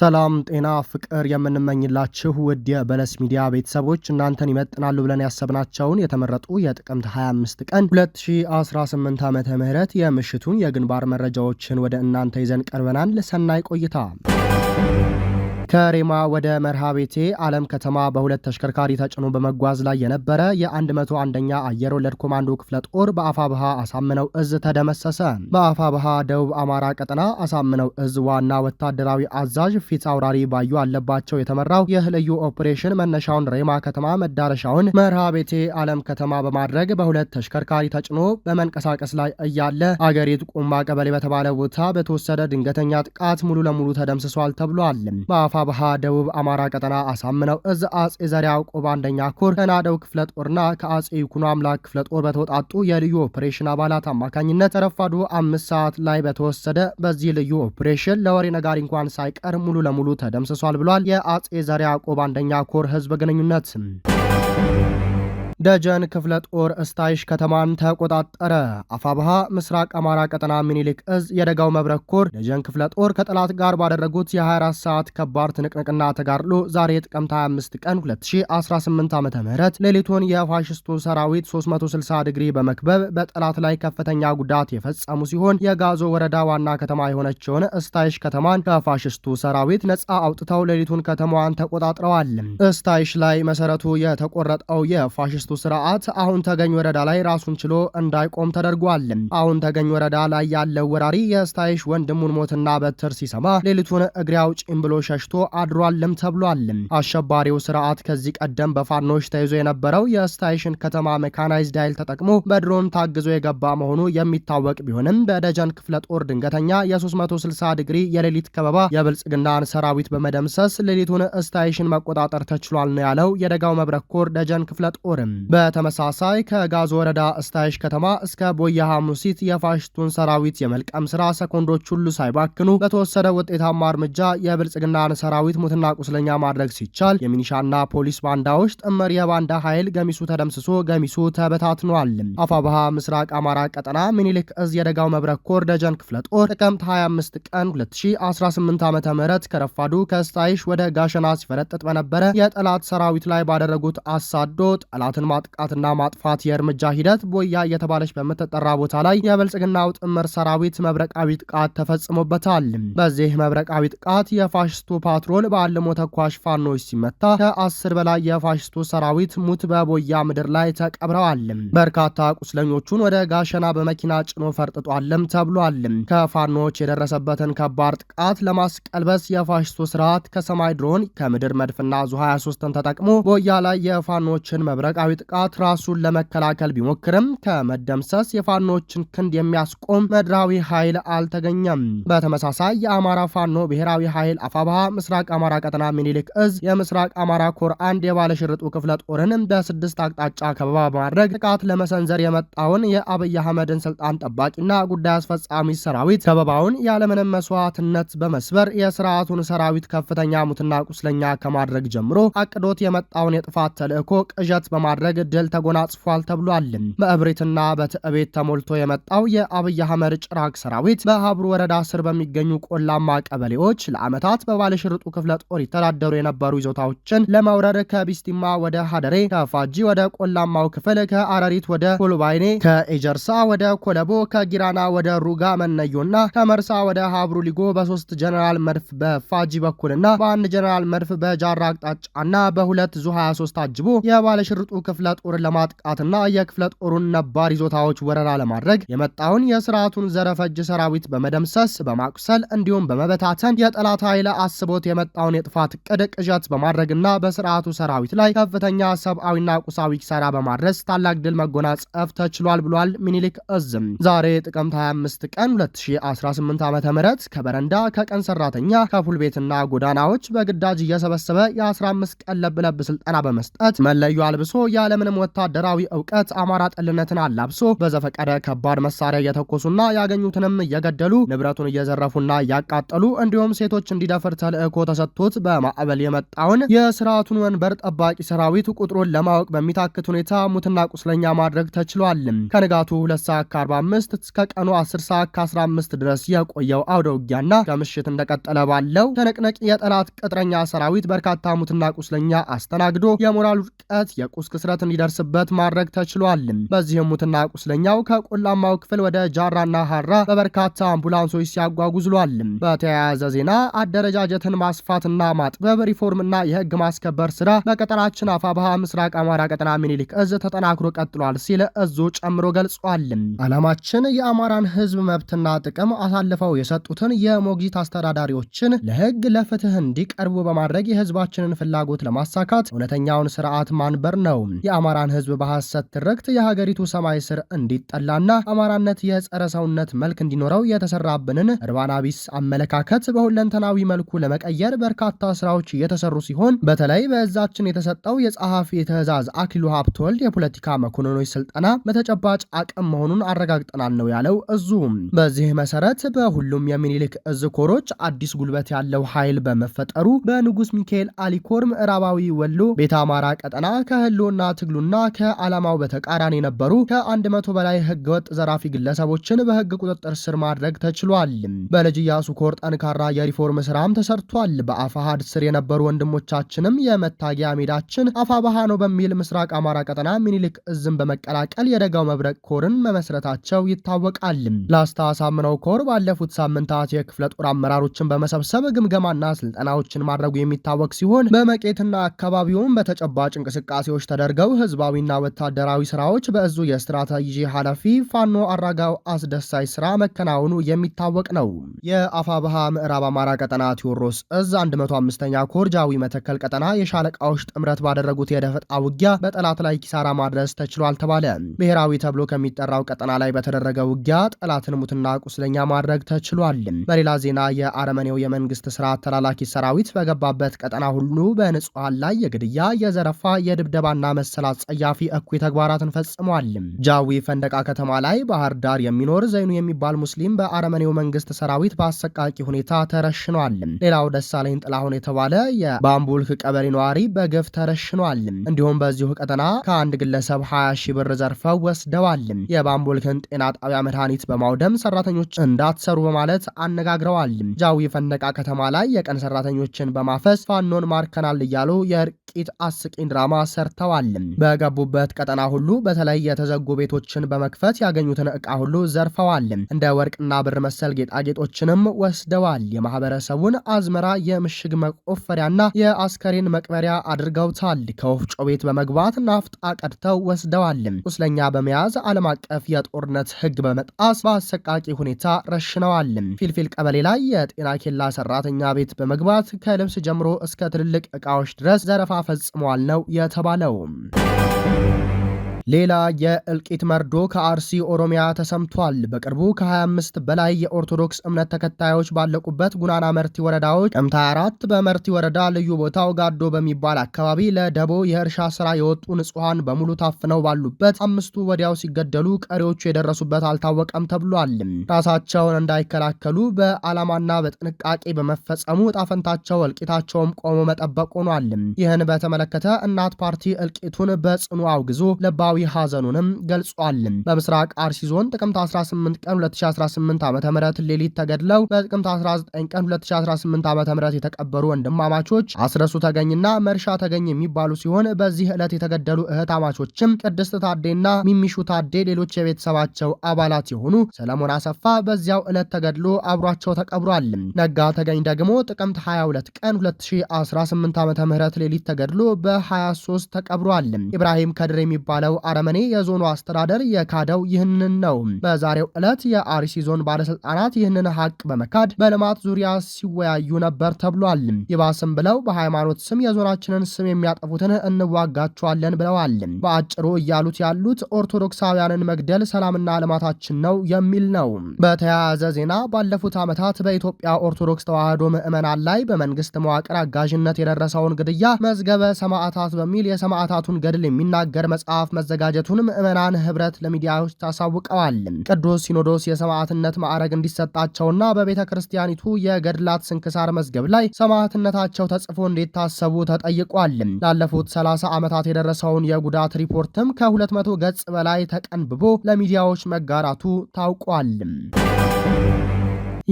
ሰላም ጤና ፍቅር የምንመኝላችሁ ውድ የበለስ ሚዲያ ቤተሰቦች እናንተን ይመጥናሉ ብለን ያሰብናቸውን የተመረጡ የጥቅምት 25 ቀን 2018 ዓ ም የምሽቱን የግንባር መረጃዎችን ወደ እናንተ ይዘን ቀርበናል። ሰናይ ቆይታ ከሬማ ወደ መርሃቤቴ አለም ከተማ በሁለት ተሽከርካሪ ተጭኖ በመጓዝ ላይ የነበረ የ101ኛ አየር ወለድ ኮማንዶ ክፍለ ጦር በአፋብሃ አሳምነው እዝ ተደመሰሰ። በአፋብሃ ደቡብ አማራ ቀጠና አሳምነው እዝ ዋና ወታደራዊ አዛዥ ፊት አውራሪ ባዩ አለባቸው የተመራው ይህ ልዩ ኦፕሬሽን መነሻውን ሬማ ከተማ መዳረሻውን መርሃቤቴ አለም ከተማ በማድረግ በሁለት ተሽከርካሪ ተጭኖ በመንቀሳቀስ ላይ እያለ አገሪት ቁማ ቀበሌ በተባለ ቦታ በተወሰደ ድንገተኛ ጥቃት ሙሉ ለሙሉ ተደምስሷል ተብሏል። አፋብሃ ደቡብ አማራ ቀጠና አሳምነው እዝ አጼ ዘርያው ቆብ አንደኛ ኮር ከናደው ክፍለ ጦርና ከአጼ ይኩኖ አምላክ ክፍለ ጦር በተውጣጡ የልዩ ኦፕሬሽን አባላት አማካኝነት ረፋዱ አምስት ሰዓት ላይ በተወሰደ በዚህ ልዩ ኦፕሬሽን ለወሬ ነጋሪ እንኳን ሳይቀር ሙሉ ለሙሉ ተደምስሷል ብሏል የአጼ ዘርያው ቆብ አንደኛ ኮር ህዝብ ግንኙነት ደጀን ክፍለ ጦር እስታይሽ ከተማን ተቆጣጠረ። አፋብሃ ምስራቅ አማራ ቀጠና ሚኒሊክ እዝ የደጋው መብረክ ኮር ደጀን ክፍለ ጦር ከጠላት ጋር ባደረጉት የ24 ሰዓት ከባድ ትንቅንቅና ተጋድሎ ዛሬ ጥቅምት 25 ቀን 2018 ዓ ም ሌሊቱን የፋሽስቱ ሰራዊት 360 ዲግሪ በመክበብ በጠላት ላይ ከፍተኛ ጉዳት የፈጸሙ ሲሆን የጋዞ ወረዳ ዋና ከተማ የሆነችውን እስታይሽ ከተማን ከፋሽስቱ ሰራዊት ነፃ አውጥተው ሌሊቱን ከተማዋን ተቆጣጥረዋል። እስታይሽ ላይ መሰረቱ የተቆረጠው የፋሽስቱ ስርዓት አሁን ተገኝ ወረዳ ላይ ራሱን ችሎ እንዳይቆም ተደርጓል። አሁን ተገኝ ወረዳ ላይ ያለው ወራሪ የስታይሽ ወንድሙን ሞትና በትር ሲሰማ ሌሊቱን እግሬ አውጪኝ ብሎ ሸሽቶ አድሯልም ተብሏል። አሸባሪው ስርዓት ከዚህ ቀደም በፋኖች ተይዞ የነበረው የስታይሽን ከተማ ሜካናይዝድ ኃይል ተጠቅሞ በድሮን ታግዞ የገባ መሆኑ የሚታወቅ ቢሆንም በደጀን ክፍለ ጦር ድንገተኛ የ360 ዲግሪ የሌሊት ከበባ የብልጽግናን ሰራዊት በመደምሰስ ሌሊቱን ስታይሽን መቆጣጠር ተችሏል ነው ያለው የደጋው መብረኮር ደጀን ክፍለ ጦርም በተመሳሳይ ከጋዝ ወረዳ እስታይሽ ከተማ እስከ ቦያ ሐሙሲት የፋሽቱን ሰራዊት የመልቀም ስራ ሰኮንዶች ሁሉ ሳይባክኑ በተወሰደ ውጤታማ እርምጃ የብልጽግናን ሰራዊት ሙትና ቁስለኛ ማድረግ ሲቻል የሚኒሻና ፖሊስ ባንዳዎች ጥምር የባንዳ ኃይል ገሚሱ ተደምስሶ ገሚሱ ተበታትኗል። አፋባሃ ምስራቅ አማራ ቀጠና ሚኒሊክ እዝ የደጋው መብረክ ኮር ደጀን ክፍለ ጦር ጥቅምት 25 ቀን 2018 ዓ ም ከረፋዱ ከስታይሽ ወደ ጋሸና ሲፈረጥጥ በነበረ የጠላት ሰራዊት ላይ ባደረጉት አሳዶ ጠላትን ህወሓትን ማጥቃትና ማጥፋት የእርምጃ ሂደት ቦያ እየተባለች በምትጠራ ቦታ ላይ የብልጽግናው ጥምር ሰራዊት መብረቃዊ ጥቃት ተፈጽሞበታል። በዚህ መብረቃዊ ጥቃት የፋሽስቱ ፓትሮል በአልሞ ተኳሽ ፋኖች ሲመታ ከአስር በላይ የፋሽስቱ ሰራዊት ሙት በቦያ ምድር ላይ ተቀብረዋል። በርካታ ቁስለኞቹን ወደ ጋሸና በመኪና ጭኖ ፈርጥጧልም ተብሏል። ከፋኖች የደረሰበትን ከባድ ጥቃት ለማስቀልበስ የፋሽስቱ ስርዓት ከሰማይ ድሮን ከምድር መድፍና ዙ 23ን ተጠቅሞ ቦያ ላይ የፋኖችን መብረቃዊ ጥቃት ራሱን ለመከላከል ቢሞክርም ከመደምሰስ የፋኖችን ክንድ የሚያስቆም ምድራዊ ኃይል አልተገኘም። በተመሳሳይ የአማራ ፋኖ ብሔራዊ ኃይል አፋብሃ ምስራቅ አማራ ቀጠና ሚኒሊክ እዝ የምስራቅ አማራ ኮር አንድ የባለሽርጡ ክፍለ ጦርን በስድስት አቅጣጫ ከበባ በማድረግ ጥቃት ለመሰንዘር የመጣውን የአብይ አህመድን ስልጣን ጠባቂና ጉዳይ አስፈጻሚ ሰራዊት ከበባውን ያለምንም መስዋዕትነት በመስበር የስርዓቱን ሰራዊት ከፍተኛ ሙትና ቁስለኛ ከማድረግ ጀምሮ አቅዶት የመጣውን የጥፋት ተልእኮ ቅዠት በማድረግ በማድረግ ድል ተጎናጽፏል ተብሏል። በእብሪትና በትዕቤት ተሞልቶ የመጣው የአብይ አህመድ ጭራቅ ሰራዊት በሀብሩ ወረዳ ስር በሚገኙ ቆላማ ቀበሌዎች ለዓመታት በባለሽርጡ ክፍለ ጦር ይተዳደሩ የነበሩ ይዞታዎችን ለማውረድ ከቢስቲማ ወደ ሀደሬ፣ ከፋጂ ወደ ቆላማው ክፍል፣ ከአረሪት ወደ ኮልባይኔ፣ ከኤጀርሳ ወደ ኮለቦ፣ ከጊራና ወደ ሩጋ መነዮና ከመርሳ ወደ ሀብሩ ሊጎ በሶስት ጀነራል መድፍ በፋጂ በኩልና በአንድ ጀነራል መድፍ በጃራ አቅጣጫና በሁለት ዙ 23 አጅቦ የባለሽርጡ ክፍል ክፍለ ጦር ለማጥቃትና የክፍለ ጦሩን ነባር ይዞታዎች ወረራ ለማድረግ የመጣውን የስርዓቱን ዘረፈጅ ሰራዊት በመደምሰስ በማቁሰል እንዲሁም በመበታተን የጠላት ኃይል አስቦት የመጣውን የጥፋት ቅድ ቅዠት በማድረግና በስርዓቱ ሰራዊት ላይ ከፍተኛ ሰብአዊና ቁሳዊ ኪሳራ በማድረስ ታላቅ ድል መጎናጸፍ ተችሏል ብሏል። ሚኒሊክ እዝም ዛሬ ጥቅምት 25 ቀን 2018 ዓ ም ከበረንዳ ከቀን ሰራተኛ ከፉል ቤትና ጎዳናዎች በግዳጅ እየሰበሰበ የ15 ቀን ለብለብ ስልጠና በመስጠት መለዩ አልብሶ ያ ያለምንም ወታደራዊ እውቀት አማራ ጠልነትን አላብሶ በዘፈቀደ ከባድ መሳሪያ እየተኮሱና ያገኙትንም እየገደሉ ንብረቱን እየዘረፉና እያቃጠሉ እንዲሁም ሴቶች እንዲደፍር ተልእኮ ተሰጥቶት በማዕበል የመጣውን የስርዓቱን ወንበር ጠባቂ ሰራዊት ቁጥሩን ለማወቅ በሚታክት ሁኔታ ሙትና ቁስለኛ ማድረግ ተችሏል። ከንጋቱ 2 ሰዓት ከ45 እስከ ቀኑ 10 ሰዓት ከ15 ድረስ የቆየው አውደ ከምሽት እንደቀጠለ ባለው ተነቅነቅ የጠላት ቅጥረኛ ሰራዊት በርካታ ሙትና ቁስለኛ አስተናግዶ የሞራል ውድቀት፣ የቁስ ክስረት ጉዳት እንዲደርስበት ማድረግ ተችሏል። በዚህ ሙትና ቁስለኛው ከቆላማው ክፍል ወደ ጃራና ሀራ በበርካታ አምቡላንሶች ሲያጓጉዝ በተያያዘ ዜና አደረጃጀትን ማስፋትና ማጥበብ ሪፎርምና የህግ ማስከበር ስራ በቀጠናችን አፋብሃ ምስራቅ አማራ ቀጠና ሚኒሊክ እዝ ተጠናክሮ ቀጥሏል ሲል እዙ ጨምሮ ገልጿል። ዓላማችን የአማራን ህዝብ መብትና ጥቅም አሳልፈው የሰጡትን የሞግዚት አስተዳዳሪዎችን ለህግ ለፍትህ እንዲቀርቡ በማድረግ የህዝባችንን ፍላጎት ለማሳካት እውነተኛውን ስርዓት ማንበር ነው። የአማራን ህዝብ በሐሰት ትርክት የሀገሪቱ ሰማይ ስር እንዲጠላና አማራነት የጸረ ሰውነት መልክ እንዲኖረው የተሰራብንን እርባና ቢስ አመለካከት በሁለንተናዊ መልኩ ለመቀየር በርካታ ስራዎች እየተሰሩ ሲሆን በተለይ በእዛችን የተሰጠው የጸሐፊ ትእዛዝ አክሊሉ ሀብተወልድ የፖለቲካ መኮንኖች ስልጠና በተጨባጭ አቅም መሆኑን አረጋግጠናል ነው ያለው እዙም። በዚህ መሰረት በሁሉም የሚኒልክ እዝ ኮሮች አዲስ ጉልበት ያለው ኃይል በመፈጠሩ በንጉስ ሚካኤል አሊኮር ምዕራባዊ ወሎ ቤተ አማራ ቀጠና ከህልውና ትግሉና ከዓላማው በተቃራኒ ነበሩ ከአንድ መቶ በላይ ህገወጥ ዘራፊ ግለሰቦችን በህግ ቁጥጥር ስር ማድረግ ተችሏል። በልጅ ኢያሱ ኮር ጠንካራ የሪፎርም ስራም ተሰርቷል። በአፋሃድ ስር የነበሩ ወንድሞቻችንም የመታጊያ ሜዳችን አፋባሃ ነው በሚል ምስራቅ አማራ ቀጠና ሚኒሊክ እዝን በመቀላቀል የደጋው መብረቅ ኮርን መመስረታቸው ይታወቃል። ላስታ ሳምነው ኮር ባለፉት ሳምንታት የክፍለ ጦር አመራሮችን በመሰብሰብ ግምገማና ስልጠናዎችን ማድረጉ የሚታወቅ ሲሆን በመቄትና አካባቢውም በተጨባጭ እንቅስቃሴዎች ተደርገ የተደረገው ህዝባዊና ወታደራዊ ስራዎች በእዙ የስትራቴጂ ኃላፊ ፋኖ አራጋው አስደሳች ስራ መከናወኑ የሚታወቅ ነው። የአፋብሃ ምዕራብ አማራ ቀጠና ቴዎድሮስ እዝ 105ኛ ኮር ጃዊ መተከል ቀጠና የሻለቃዎች ጥምረት ባደረጉት የደፈጣ ውጊያ በጠላት ላይ ኪሳራ ማድረስ ተችሏል ተባለ። ብሔራዊ ተብሎ ከሚጠራው ቀጠና ላይ በተደረገ ውጊያ ጠላትን ሙትና ቁስለኛ ማድረግ ተችሏል። በሌላ ዜና የአረመኔው የመንግስት ስራ አተላላኪ ሰራዊት በገባበት ቀጠና ሁሉ በንጹሐን ላይ የግድያ የዘረፋ የድብደባና መሰል አጸያፊ እኩይ ተግባራትን ፈጽሟል። ጃዊ ፈንደቃ ከተማ ላይ ባህር ዳር የሚኖር ዘይኑ የሚባል ሙስሊም በአረመኔው መንግስት ሰራዊት በአሰቃቂ ሁኔታ ተረሽኗል። ሌላው ደሳለኝ ጥላሁን የተባለ የባምቡልክ ቀበሌ ነዋሪ በግፍ ተረሽኗል። እንዲሁም በዚሁ ቀጠና ከአንድ ግለሰብ 20 ሺ ብር ዘርፈው ወስደዋል። የባምቡልክን ጤና ጣቢያ መድኃኒት በማውደም ሰራተኞች እንዳትሰሩ በማለት አነጋግረዋል። ጃዊ ፈንደቃ ከተማ ላይ የቀን ሰራተኞችን በማፈስ ፋኖን ማርከናል እያሉ የእርቂት አስቂኝ ድራማ ሰርተዋል። በገቡበት ቀጠና ሁሉ በተለይ የተዘጉ ቤቶችን በመክፈት ያገኙትን ዕቃ ሁሉ ዘርፈዋል። እንደ ወርቅና ብር መሰል ጌጣጌጦችንም ወስደዋል። የማህበረሰቡን አዝመራ የምሽግ መቆፈሪያና የአስከሬን መቅበሪያ አድርገውታል። ከወፍጮ ቤት በመግባት ናፍጣ ቀድተው ወስደዋል። ቁስለኛ በመያዝ ዓለም አቀፍ የጦርነት ህግ በመጣስ በአሰቃቂ ሁኔታ ረሽነዋል። ፊልፊል ቀበሌ ላይ የጤና ኬላ ሰራተኛ ቤት በመግባት ከልብስ ጀምሮ እስከ ትልልቅ እቃዎች ድረስ ዘረፋ ፈጽመዋል ነው የተባለው። Welcome. ሌላ የእልቂት መርዶ ከአርሲ ኦሮሚያ ተሰምቷል። በቅርቡ ከ25 በላይ የኦርቶዶክስ እምነት ተከታዮች ባለቁበት ጉናና መርቲ ወረዳዎች ጥቅምት 24 በመርቲ ወረዳ ልዩ ቦታው ጋዶ በሚባል አካባቢ ለደቦ የእርሻ ስራ የወጡ ንጹሐን በሙሉ ታፍነው ባሉበት አምስቱ ወዲያው ሲገደሉ ቀሪዎቹ የደረሱበት አልታወቀም ተብሏል። ራሳቸውን እንዳይከላከሉ በዓላማና በጥንቃቄ በመፈጸሙ ጣፈንታቸው እልቂታቸውም ቆሞ መጠበቅ ሆኗል። ይህን በተመለከተ እናት ፓርቲ እልቂቱን በጽኑ አውግዞ ለባ ብሔራዊ ሐዘኑንም ገልጿል። በምስራቅ አርሲ ዞን ጥቅምት 18 ቀን 2018 ዓ ም ሌሊት ተገድለው በጥቅምት 19 ቀን 2018 ዓ ም የተቀበሩ ወንድማማቾች አስረሱ ተገኝና መርሻ ተገኝ የሚባሉ ሲሆን በዚህ ዕለት የተገደሉ እህታማቾችም ቅድስት ታዴና ሚሚሹ ታዴ ሌሎች የቤተሰባቸው አባላት የሆኑ ሰለሞን አሰፋ በዚያው ዕለት ተገድሎ አብሯቸው ተቀብሯል። ነጋ ተገኝ ደግሞ ጥቅምት 22 ቀን 2018 ዓ ም ሌሊት ተገድሎ በ23 ተቀብሯል። ኢብራሂም ከድር የሚባለው አረመኔ የዞኑ አስተዳደር የካደው ይህንን ነው። በዛሬው ዕለት የአርሲ ዞን ባለስልጣናት ይህንን ሀቅ በመካድ በልማት ዙሪያ ሲወያዩ ነበር ተብሏል። ይባስም ብለው በሃይማኖት ስም የዞናችንን ስም የሚያጠፉትን እንዋጋቸዋለን ብለዋል። በአጭሩ እያሉት ያሉት ኦርቶዶክሳውያንን መግደል ሰላምና ልማታችን ነው የሚል ነው። በተያያዘ ዜና ባለፉት ዓመታት በኢትዮጵያ ኦርቶዶክስ ተዋህዶ ምዕመናን ላይ በመንግስት መዋቅር አጋዥነት የደረሰውን ግድያ መዝገበ ሰማዕታት በሚል የሰማዕታቱን ገድል የሚናገር መጽሐፍ መዘ መዘጋጀቱን ምዕመናን ህብረት ለሚዲያዎች አሳውቀዋል። ቅዱስ ሲኖዶስ የሰማዕትነት ማዕረግ እንዲሰጣቸውና በቤተ ክርስቲያኒቱ የገድላት ስንክሳር መዝገብ ላይ ሰማዕትነታቸው ተጽፎ እንዲታሰቡ ተጠይቋል። ላለፉት 30 ዓመታት የደረሰውን የጉዳት ሪፖርትም ከ200 ገጽ በላይ ተቀንብቦ ለሚዲያዎች መጋራቱ ታውቋል።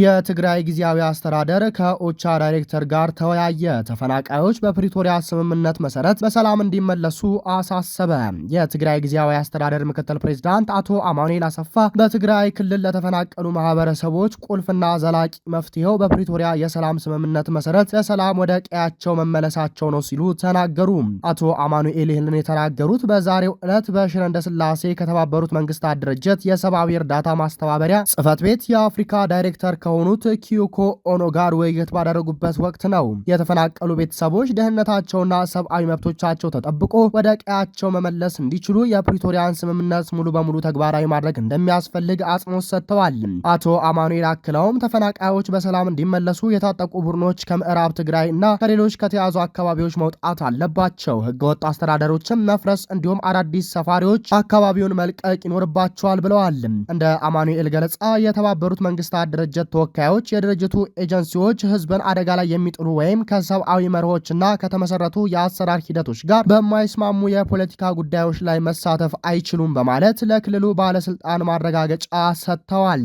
የትግራይ ጊዜያዊ አስተዳደር ከኦቻ ዳይሬክተር ጋር ተወያየ። ተፈናቃዮች በፕሪቶሪያ ስምምነት መሰረት በሰላም እንዲመለሱ አሳሰበ። የትግራይ ጊዜያዊ አስተዳደር ምክትል ፕሬዚዳንት አቶ አማኑኤል አሰፋ በትግራይ ክልል ለተፈናቀሉ ማህበረሰቦች ቁልፍና ዘላቂ መፍትሄው በፕሪቶሪያ የሰላም ስምምነት መሰረት ለሰላም ወደ ቀያቸው መመለሳቸው ነው ሲሉ ተናገሩ። አቶ አማኑኤል ይህንን የተናገሩት በዛሬው ዕለት በሽረ ስላሴ ከተባበሩት መንግስታት ድርጅት የሰብአዊ እርዳታ ማስተባበሪያ ጽህፈት ቤት የአፍሪካ ዳይሬክተር ከሆኑት ኪዮኮ ኦኖ ጋር ውይይት ባደረጉበት ወቅት ነው። የተፈናቀሉ ቤተሰቦች ደህንነታቸውና ሰብአዊ መብቶቻቸው ተጠብቆ ወደ ቀያቸው መመለስ እንዲችሉ የፕሪቶሪያን ስምምነት ሙሉ በሙሉ ተግባራዊ ማድረግ እንደሚያስፈልግ አጽንኦት ሰጥተዋል። አቶ አማኑኤል አክለውም ተፈናቃዮች በሰላም እንዲመለሱ የታጠቁ ቡድኖች ከምዕራብ ትግራይ እና ከሌሎች ከተያዙ አካባቢዎች መውጣት አለባቸው። ህገወጥ አስተዳደሮችን መፍረስ እንዲሁም አዳዲስ ሰፋሪዎች አካባቢውን መልቀቅ ይኖርባቸዋል ብለዋል። እንደ አማኑኤል ገለጻ የተባበሩት መንግስታት ድርጅት ተወካዮች የድርጅቱ ኤጀንሲዎች ህዝብን አደጋ ላይ የሚጥሉ ወይም ከሰብአዊ መርሆችና ከተመሰረቱ የአሰራር ሂደቶች ጋር በማይስማሙ የፖለቲካ ጉዳዮች ላይ መሳተፍ አይችሉም በማለት ለክልሉ ባለስልጣን ማረጋገጫ ሰጥተዋል።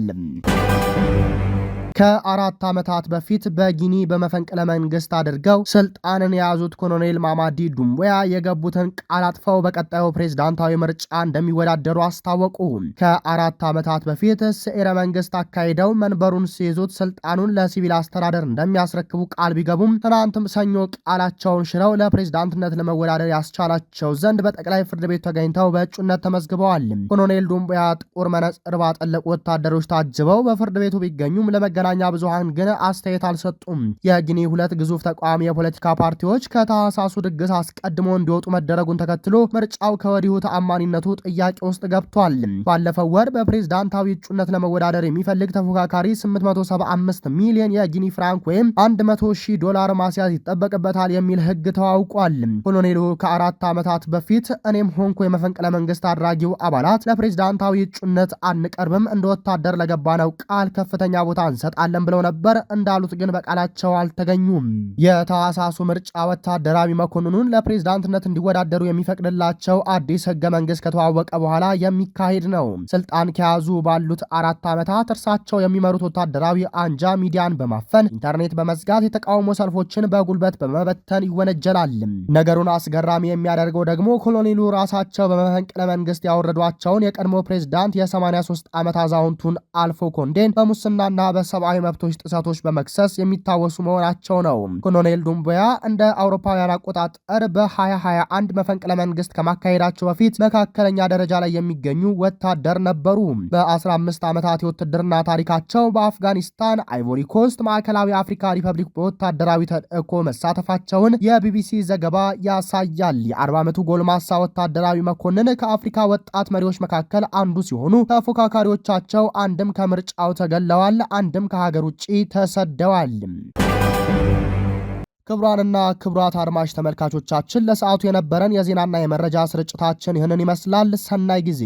ከአራት ዓመታት በፊት በጊኒ በመፈንቅለ መንግስት አድርገው ስልጣንን የያዙት ኮሎኔል ማማዲ ዱምቦያ የገቡትን ቃል አጥፈው በቀጣዩ ፕሬዝዳንታዊ ምርጫ እንደሚወዳደሩ አስታወቁ። ከአራት ዓመታት በፊት ስዕረ መንግስት አካሂደው መንበሩን ሲይዙት ስልጣኑን ለሲቪል አስተዳደር እንደሚያስረክቡ ቃል ቢገቡም ትናንትም ሰኞ ቃላቸውን ሽረው ለፕሬዝዳንትነት ለመወዳደር ያስቻላቸው ዘንድ በጠቅላይ ፍርድ ቤት ተገኝተው በእጩነት ተመዝግበዋል። ኮሎኔል ዱምቦያ ጥቁር መነጽር ባጠለቁ ወታደሮች ታጅበው በፍርድ ቤቱ ቢገኙም ለመገና መገናኛ ብዙሃን ግን አስተያየት አልሰጡም። የጊኒ ሁለት ግዙፍ ተቃዋሚ የፖለቲካ ፓርቲዎች ከታህሳሱ ድግስ አስቀድሞ እንዲወጡ መደረጉን ተከትሎ ምርጫው ከወዲሁ ተአማኒነቱ ጥያቄ ውስጥ ገብቷል። ባለፈው ወር በፕሬዝዳንታዊ እጩነት ለመወዳደር የሚፈልግ ተፎካካሪ 875 ሚሊዮን የጊኒ ፍራንክ ወይም 100 ሺህ ዶላር ማስያዝ ይጠበቅበታል የሚል ህግ ተዋውቋል። ኮሎኔሉ ከአራት ዓመታት በፊት እኔም ሆንኩ የመፈንቅለ መንግስት አድራጊው አባላት ለፕሬዝዳንታዊ እጩነት አንቀርብም፣ እንደ ወታደር ለገባነው ቃል ከፍተኛ ቦታ እንሰጣል እንመርጣለን ብለው ነበር። እንዳሉት ግን በቃላቸው አልተገኙም። የታህሳሱ ምርጫ ወታደራዊ መኮንኑን ለፕሬዝዳንትነት እንዲወዳደሩ የሚፈቅድላቸው አዲስ ህገ መንግስት ከተዋወቀ በኋላ የሚካሄድ ነው። ስልጣን ከያዙ ባሉት አራት ዓመታት እርሳቸው የሚመሩት ወታደራዊ አንጃ ሚዲያን በማፈን ኢንተርኔት በመዝጋት የተቃውሞ ሰልፎችን በጉልበት በመበተን ይወነጀላል። ነገሩን አስገራሚ የሚያደርገው ደግሞ ኮሎኔሉ ራሳቸው በመፈንቅለ መንግስት ያወረዷቸውን የቀድሞ ፕሬዝዳንት የ83 ዓመት አዛውንቱን አልፎ ኮንዴን በሙስናና በሰብ የሰብአዊ መብቶች ጥሰቶች በመክሰስ የሚታወሱ መሆናቸው ነው። ኮሎኔል ዱምቦያ እንደ አውሮፓውያን አቆጣጠር በ2021 መፈንቅለ መንግስት ከማካሄዳቸው በፊት መካከለኛ ደረጃ ላይ የሚገኙ ወታደር ነበሩ። በ15 ዓመታት የውትድርና ታሪካቸው በአፍጋኒስታን፣ አይቮሪ ኮስት፣ ማዕከላዊ አፍሪካ ሪፐብሊክ በወታደራዊ ተልእኮ መሳተፋቸውን የቢቢሲ ዘገባ ያሳያል። የ40 ዓመቱ ጎልማሳ ወታደራዊ መኮንን ከአፍሪካ ወጣት መሪዎች መካከል አንዱ ሲሆኑ ተፎካካሪዎቻቸው አንድም ከምርጫው ተገለዋል፣ አንድም ከ ከሀገር ውጭ ተሰደዋል። ክቡራንና ክቡራት አድማጭ ተመልካቾቻችን ለሰዓቱ የነበረን የዜናና የመረጃ ስርጭታችን ይህንን ይመስላል። ሰናይ ጊዜ